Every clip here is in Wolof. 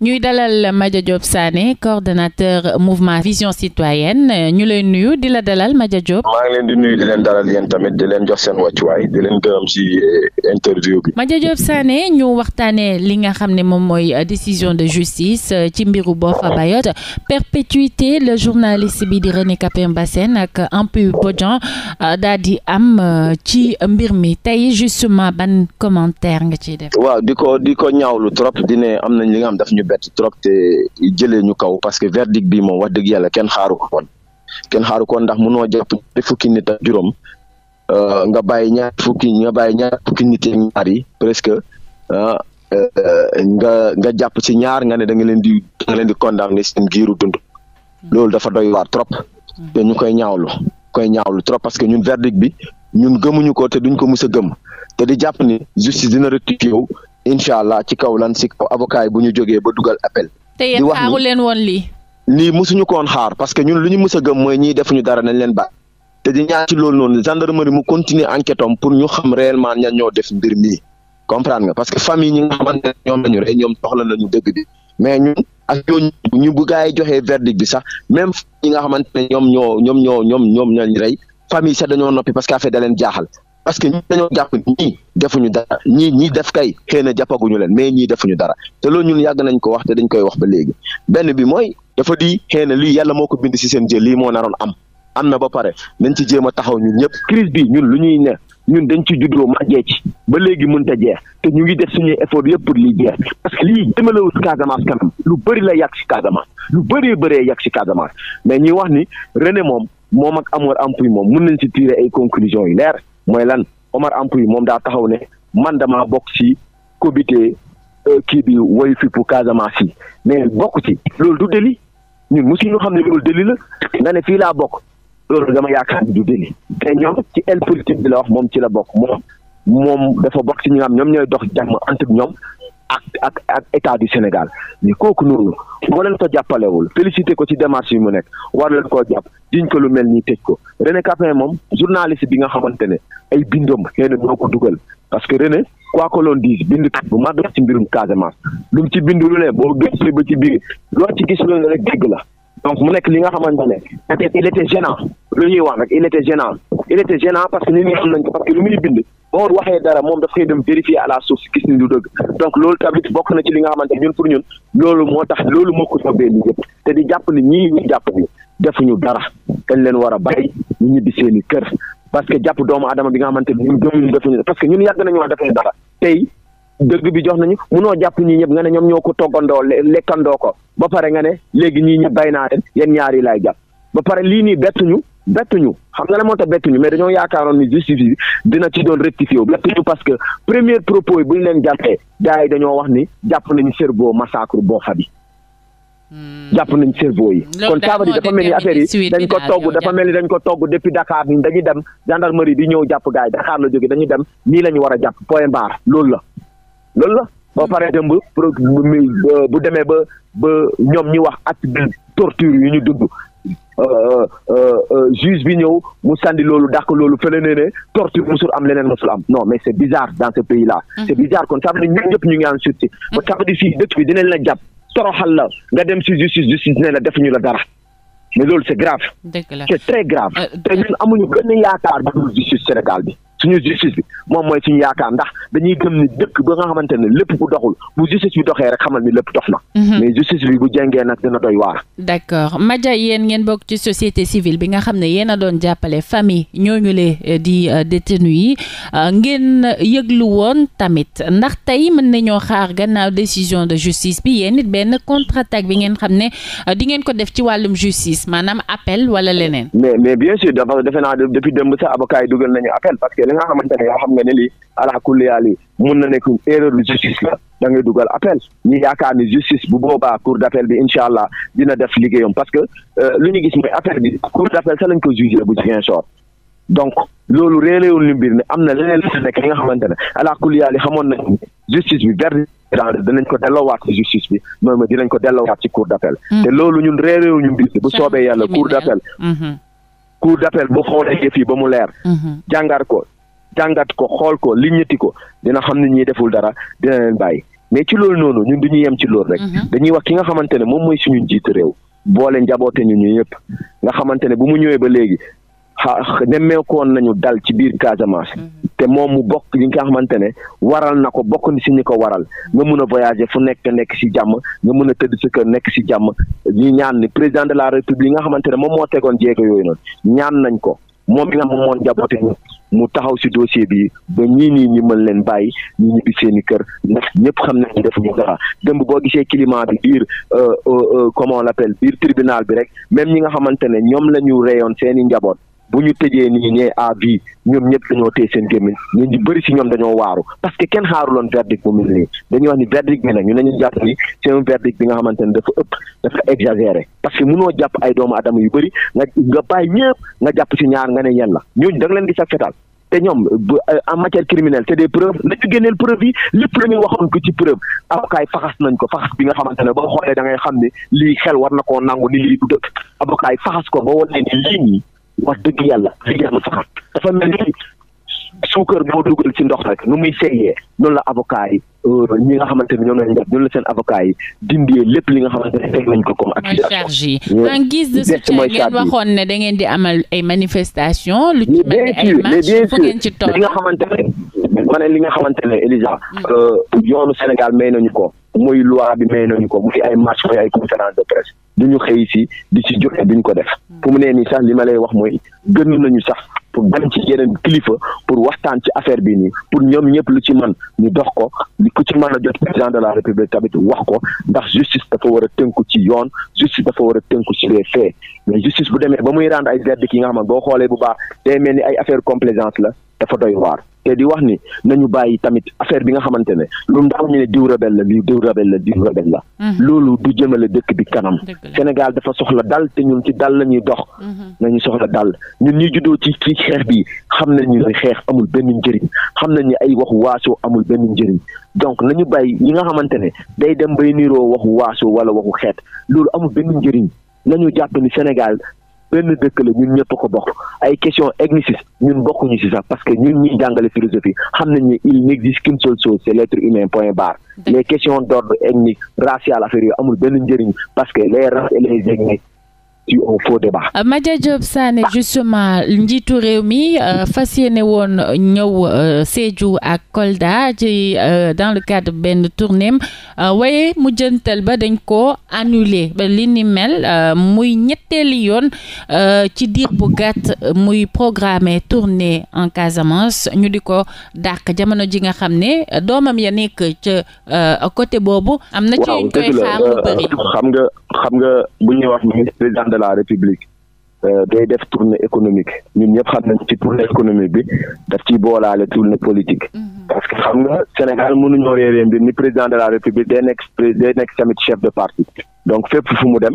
ñuy dalal Madia Diop Sané coordonnateur mouvement Vision Citoyenne ñu leen nuyu di la dalal Madia Diop. maa ngi leen di nuyu di leen dalal yéen tamit di leen jox seen wàccuwaay di leen gërëm ci eh, interview bi. Madia Diop Sané ñu waxtaanee li nga xam ne moom mooy eh, décision de justice eh, ci mbiru Boffa Bayotte perpétuité le journaliste bi di René Capain Bassène ak Ampouy Bodian daal di am ci mbir mi tey justement ban commentaire nga ciy def. waaw di ko di trop di ne bett trop te jëlee ñu kaw parce que verdict bi moom wax dëgg yàlla kenn xaaru ko kenn xaaru ko ndax mun mënoo jàpp ñaari fukki nit ak juróom euh, nga bàyyi ñaar fukki nga bàyyi ñaar fukki nit ak ñaar yi presque ah euh, nga nga jàpp ci ñaar nga ne da nga leen di da nga leen di condamné seen giiru dund loolu dafa doy waar trop te ñu koy ñaawlu koy ñaawlu trop parce que ñun verdict bi ñun gëmuñu ko te duñ ko mus a gëm te di jàpp ni justice dina rectifier yow incha allah ci kaw lan si kaw bu ñu jogee ba dugal appel. te yéen xaaru leen woon lii. lii mosuñu koon xaar parce que ñun lu ñu mës a gëm mooy ñiy defuñu dara nañ leen ba te di ñaan ci loolu noonu gendarmerie mu continuer enquête pour ñu xam réellement ñan ñoo def mbir mii comprendre nga parce que famille ñi nga xamante ne ñoom la ñu rey ñoom soxla nañu dëgg mais ñun ak ñu bu gaa yi joxee verdict bi sax même ñi nga xamante ne ñoom ñoo ñoom ñoo ñoom ñoom ñoo ñu rey famille sax dañoo noppi parce que affaire da leen jaaxal parce que ñi dañoo jàpp defuñu dara ñii ñii def kay xëy na jàppaguñu leen mais ñii defuñu dara te loolu ñun yàgg nañ ko wax te dañ koy wax ba léegi benn bi mooy dafa di xëy na lii yàlla moo ko bind si seen jël lii moo naroon am am na ba pare nañ ci jéem a taxaw ñun ñëpp crise bi ñun lu ñuy ne ñun dañ ci juddoo màggee ci ba léegi mënta jeex te ñu ngi def suñuy effort yëpp pour lii jeex parce que lii jëmalewul Casamance kanam lu bëri la yàgg si Casamance lu bëree bëree yàgg ci Casamance mais ñuy wax ni René moom moom ak Amor Ampuy moom mën nañ ci tirer ay conclusions yu leer mooy lan Omar Ampuy moom daa taxaw ne man damaa bokk ci comité euh, kii bi woyu fippu Casamance yi mais bokk ci loolu du délit ñun mosu ñu xam ne loolu délit la nga ne fii laa bokk loolu dama yaakaar ni du délit te ñoom ci aile politique bi la wax moom ci la bokk moom moom dafa bokk ci ñi nga ñoom ñooy dox jàmm entre ñoom ak ak ak état du Sénégal mais kooku noonu boo leen ko jàppalewul félicité ko ci démarche yi mu nekk war leen koo jàpp jiñ ko lu mel nii tëj ko René Capain moom journaliste bi nga xamante ne ay bindom xëy na ñoo dugal parce que René quoi que l'on dise bind kat bu mag la ci mbirum Casamance lu mu ci bind lu ne boo gëstoo ba ci biir loo ci gis loolu rek dégg la donc mu nekk li nga xamante ne il était gênant lu ñuy wax rek il était gênant il était gênant parce que nit ñi xam nañ ko bind. boo waxee dara moom daf koy dem vérifier à la source gis ni du dëgg donc loolu tamit bokk na ci li nga xamante ñun pour ñun loolu moo tax loolu moo ko soobee li yëpp te di jàpp ni ñii ñu jàpp ni defuñu dara dañ leen war a bàyyi ñu ñibbi seen i kër parce que jàpp doomu adama bi xamante ni ñun ñoom parce que ñun yàgg nañu wax defuñu dara tey dëgg bi jox nañu munoo jàpp ñii ñëpp nga ne ñoom ñëw ko toggandoo lekkandoo ko ba pare nga ne léegi ñii ñëpp bay naa leen yéen ñaar laay jàpp ba pare lii nii bettuñu bettuñu xam nga la moo tax bettuñu mais dañoo yaakaaroon ni justice bi dina ci doon rectifié wu bettuñu parce que premier propos yi bu ñu leen jàppee gars dañoo wax ni jàpp nañu cerveau massacre boofa bi hmm. jàpp nañ cerveau yi kon ça dafa mel ni affaire yi dañ ko togg dafa mel ni dañ ko togg depuis Dakar ni dañuy dem gendarmerie di ñëw jàpp gars yi Dakar la jóge dañuy dem nii la ñu war a jàpp point barre loolu la loolu la ba pare dem bu demee ba ba ñoom ñi wax acte de torture ñu dugg Euh, euh, euh, juge bi ñëw mu sandi loolu dàq loolu fële nee ne torture musul am leneen musul am non mais c'est bizarre dans ce pays là. Mhm. c'est bizarre kon ça veut ñëpp ñu ngi en sursis. ba mhm. ça veut dire fii dëkk bi dinañ la jàpp toroxal la nga dem si justice justice dinañ la def ñu la dara. mais loolu c'est grave. dëgg la c'est très grave. te ñun amuñu benn yaakaar bu dul justice Sénégal bi. suñu justice bi moom mooy suñu yaakaar ndax dañuy gëm ni dëkk ba nga xamante ne lépp bu doxul bu justice bi doxee rek xamal ni lépp dox na. Mhm. mais justice bi bu jengee nag dina doy waar. d'accord Madja yéen ngeen bokk ci société civile bi nga xam ne yéen a doon jàppale famille le eh, di eh, détenu yi euh, ngeen yëglu woon tamit ndax tey mën nañoo xaar gannaaw décision de justice bi yéen it benn contre-attaque bi ngeen xam ne eh, di ngeen ko def ci wàllum justice maanaam appel wala leneen. mais mais bien sûr dafa defe naa depuis li nga xamante ne yoo xam nga ne lii ala kulli yàlla mun na nekk erreur justice la da ngay dugal appel ñu yaakaar ni justice bu boobaa cour d' appel bi incha allah dina def liggéeyam parce que euh, lu ñu gis mooy affaire bi cour d' appel loolu réeréewul ni mbir na leneen lu nekk nga xamante ne ala kulli yàlla xamoon nañu justice bi verdict danañ ko delloowaat ko d' appel. Hmm. te loolu ñun réeréewuñu mbir bu soobee yàlla cour d' appel. Hmm. cour d' appel ba mu leer. Hmm. jàngar ko jàngat ko xool ko liñati ko dina xam ne ñi deful dara dina leen bàyyi mais ci loolu noonu ñun du ñu yem ci loolu rek. Mhm. dañuy wax ki nga xamante ne moom mooy suñu njiitu réew. boole njaboote ñu ñu ñëpp nga xamante ne bu mu ñëwee ba léegi xa nemmeekoon nañu dal ci biir Casamance. Mhm. te moom mu bokk li nga xamante ne waral na ko bokk ni si ñu ko waral nga mun a voyager fu nekk nekk si jàmm nga mun a tëdd sa kër nekk si jàmm ñu ñaan ni président de la république nga xamante ne moom moo tegoon jéego yooyu noonu ñaan nañ ko moom mi nga xam moom moo njaboote ñu mu taxaw si dossier bi ba ñii nii ñi mën leen bàyyi ñu ñibbi seen i kër ndax ñëpp xam nañ def ñu dara démb boo gisee climat bi biir euh, euh, euh, comment on biir tribunal bi rek même ñi nga xamante ne ñoom la ñu reyoon seen i njaboot bu ñu tëjee nii ñee à vie ñoom ñëpp dañoo téye seen gémmiñ ñun ñu bëri si ñoom dañoo waaru parce que kenn xaaruloon verdict bu mel nii dañuy wax ni verdict bi nag ñu nañu jàpp ni c'est verdict bi nga xamante ne dafa ëpp dafa exagéré parce que mënoo jàpp ay doomu adama yu bëri nga nga bàyyi ñëpp nga jàpp si ñaar nga ne ñen la ñooñu da nga leen di sag fetal te ñoom euh, en matière criminelle c'est des preuves nañu génneel preuve yi lépp la ñu waxoon ko ci preuve avocat yi faxas nañ ko faxas bi nga xamante ne ba xoolee da ngay xam ne lii xel war na koo nangu ni lii du faxas ko ba wane ni wax dëgg yàlla li yaram sax dafa mel ni suukar moo dugal ci ndox rek nu muy seeyee noonu la avocat yi euh, ñi nga xamante ni ñoom lañ def ñoom la seen avocat yi dindee lépp li nga xamante ne teg nañ ko comme accusation en guise de soutien ngeen waxoon ne da ngeen di amal ay manifestation lu ci mel ay fu ngeen ci toll li nga xamante ma ne li nga xamante ne Elisa mm. euh, yoonu Sénégal may nañu ko mooy loi bi may nañu ko muy ay marche muy ay conférence de presse duñu xëy si di si joxe duñ ko def fu mu nee nii sax li ma lay wax mooy gën nañu sax pour dem ci yeneen kilifa pour waxtaan ci affaire bi nii pour ñoom ñëpp lu ci man ñu dox ko li ku ci mën a jot président de la république tamit wax ko ndax justice dafa war a tënku ci yoon justice dafa war a tënku ci les faits mais justice bu demee ba muy rendre ay verdict yi nga xam ne boo xoolee bu baax te mel ni ay affaire complaisance la dafa doy waar te di wax ni ñu bàyyi tamit affaire bi nga xamante ne lu ndaw ñu ne diw rebelle la lii diw rebelle la diw rebelle la mhm. loolu du jëmale dëkk bi kanam Sénégal dafa soxla dal te ñun ci dal la ñuy dox mhm. nañu soxla dal ñun ñuy juddoo ci ci xeex bi xam nañu ne xeex amul benn njëriñ xam nañu ay waxu waaso amul benn njëriñ donc nañu bàyyi yi nga xamante ne day dem bay niroo waxu waaso wala waxu xeet loolu amul benn njëriñ nañu jàpp ni Sénégal benn dëkk la ñun ñëpp ko bokk ay question ethniciste ñun bokk ñu si sax parce que ñun ñuy jàngale philosophie xam nañ ne il n'existe qu'une seule chose c'est l'être humain point barre les questions d'ordre ethnique racial affaire yooyu amul benn njëriñ parce que les races et les ci un faux débat. Euh, Madia Diop Sané justement njiitu réew mi euh, fas yéene woon ñëw euh, Sédhiou ak Kolda ci dans le cadre benn tournée waaye mu jëntal ba dañ ko annulé ba li ni mel muy ñetteeli yoon ci diir bu gàtt muy programmé tournée en Casamance ñu di ko dàq jamono ji nga xam ne doomam ya nekk ca côté boobu. am na ci ñu koy xaar lu bëri. xam nga bu ñuy wax ministre président de la république euh, day def tournée économique ñun ñëpp xam nañ ci tournée économique bi daf ci boolaale tournée politique. Mhm. parce que xam nga Sénégal mënuñoo réeree mbir ni président de la république day nekk day nekk tamit chef de parti. donc fépp fu mu dem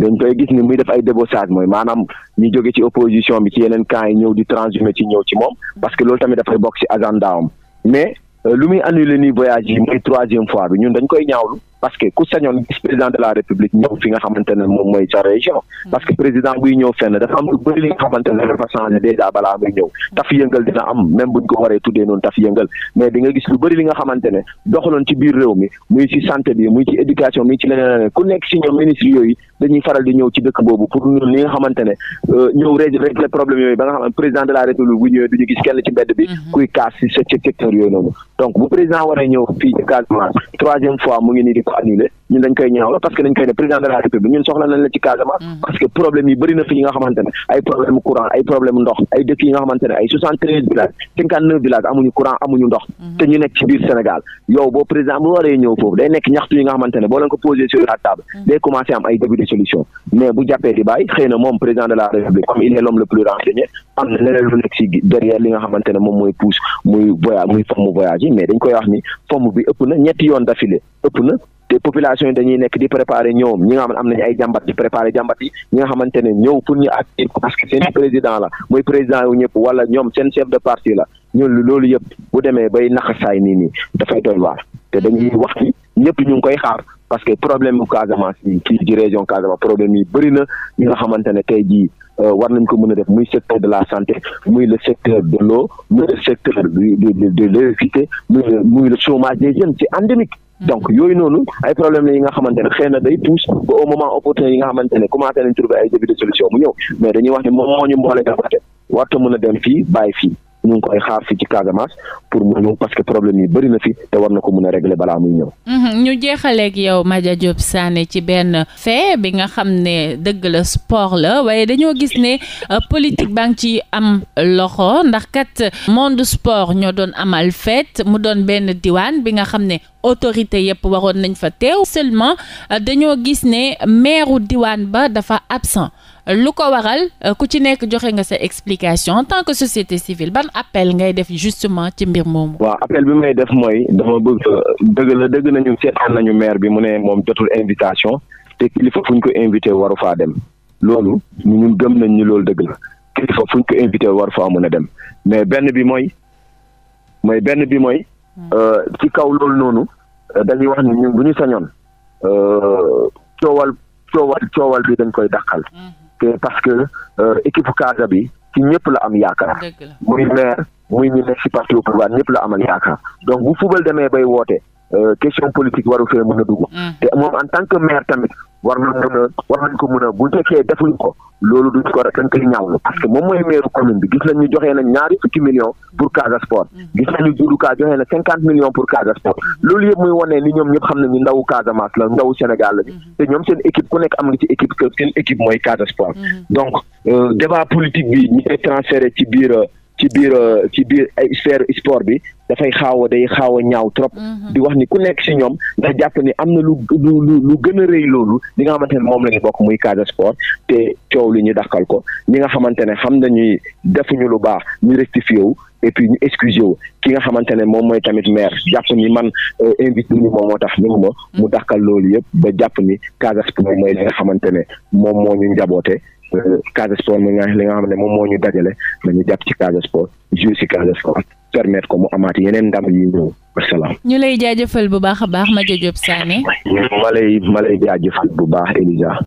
dañ koy gis ni muy def ay débauchage mooy maanaam ñu jóge ci opposition bi ci yeneen camp yi ñëw di transhumé ci ñëw ci moom parce que loolu tamit dafay bokk ci agenda am mais euh, lu muy annulé nii voyage yi mooy fois bi ñun dañ koy ñaawlu. parce que ku sañoon vice président de la république ñëw fi nga xamante ne moom mooy sa région hmm. parce que président buy ñëw fenn dafa am lu bëri li nga xamante ne dafa changé déjà balaa muy ñëw hmm. taf yëngal dina am même buñ ko waree tuddee noonu taf yëngal mais di nga gis lu bëri li nga xamante ne doxaloon ci biir réew muy ci santé bi muy ci éducation muy ci leneen ku nekk ci ñoom ministre yooyu dañuy faral di ñëw ci dëkk boobu pour ñun nga xamante euh, ko ñun dañ koy ñaawla parce que dañ koy président de la république ñun soxla nañ la ci Casamance mm-hmm. parce que problème yi bëri fi yi nga xamante ay problème courant ay problème ndox ay dëkk yi nga xamante ay soixante treize villages cinquante neuf villages amuñu courant amuñu ndox mm-hmm. te ñu nekk ci biir Sénégal yow boo président bu waree ñëw foofu day nekk ñaxtu yi nga xamante ne boo leen sur la table mm-hmm. day commencé am ay début de solution mais bu jàppee te population yi dañuy nekk di préparer ñoom ñi nga xam ne ay jàmbat di préparer jàmbat yi ñi ne ñëw pour ñu actif parce que seen président la mooy président yu ñëpp wala ñoom seen chef de parti la ñun loolu yëpp bu demee bay naxasaay nii nii dafay doy waar te dañuy wax ni ñëpp ñu ngi koy xaar parce que problème bu Casamance yi kii di région Casamance problème yi bëri na ñi nga xamante ne tey jii euh, war nañ ko mën a def muy secteur de la santé muy le secteur de l'eau muy le secteur de de de le chômage des jeunes c'est donc yooyu noonu ay problème la yi nga xamante ne xëy na day pousse ba au moment opportun yi nga xamante ne commencé nañ trouver ay début de solution mu ñëw mais dañuy wax ne moom moo ñu mboole dafa warta mën a dem fii bàyyi fii ñu ngi koy xaar fi ci Casamance pour mu ñëw parce que problème yi bëri fi te war na ko mën a régler balaa muy ñëw. Mhm, ñu jeexaleeg yow Madia Diop Sané ci benn fee bi nga xam ne dëgg la sport la waaye dañoo gis ne euh, politique baa ngi ci am loxo ndax kat monde sport ñoo doon amal fête mu doon benn diwaan bi nga xam ne autorité yëpp waroon nañ fa teew seulement euh, dañoo gis ne maire diwaan ba dafa absent. lu ko waral euh, ku ci nekk joxe nga sa explication en tant que société civile ban appel ngay def justement ci mbir moom waa appel bi may def mooy dama bëgg dëgg la dëgg nañu seetaan nañu maire bi mu ne moom jotul invitation te kilifa fu ñu ko invité waru faa dem loolu ñun gëm nañ ni loolu dëgg la kilifa fu ñu ko invité waru faa mën a dem mais benn bi mooy mooy benn bi mooy. Hmm. Euh, ci kaw loolu noonu euh, dañuy wax ni ñu bu ñu sañoon coowal coowal coowal bi dañ koy dàqal hmm. que euh, parce que euh, équipe Casa bi ci ñëpp la am yaakaar. muy maire muy ñu nekk ci parti au la amal yaakaar donc bu football demee bay woote. Euh, question politique waru fee mën a dugg. Mm. te moom en tant que maire tamit war na mën a war nañ ko mën a bu fekkee defuñ ko loolu duñ ko dañ koy ñaawlu parce que moom mooy maire commune bi gis nañ ñu joxee na ñaari fukki millions pour Casa Sport mm. gis nañ ñu jurukaa joxee na cinquante millions pour Casa Sport mm. loolu yëpp muy wanee ni ñoom ñëpp xam nañu ndawu Casamance la ndawu Sénégal la mm-hmm. te ñoom seen équipe ku nekk am nga ci équipe seen équipe mooy ci biir euh, ci biir ay sphère sport bi dafay xaaw day xaaw a ñaaw trop. Mhm. di wax ni ku nekk si ñoom ndax jàpp ni am na lu lu lu gën a rëy loolu li nga xamante ne moom la ñu bokk muy Casa Sport te coow li ñu dakkal ko ñi nga xamante ne xam nañuy defuñu lu baax ñu rectifié wu et puis ñu excusé wu ki nga xamante ne moom mooy tamit maire jàpp ni man euh, invité ñu moom moo tax ñëw ma mu dakkal loolu yëpp ba jàpp ni Casa Sport mooy li nga xamante ne moom moo ñu njaboote Euh, Casa Sport mu nga li nga xam ne moom moo ñu dajale nañu jàpp ci Casa Sport jouer ci Casa Sport ko mu amaat yeneen ndam yi ñëw asalaam. ñu lay jaajëfal bu baax a baax Madia Diop Sané. ma lay ma lay jaajëfal bu baax Elisa.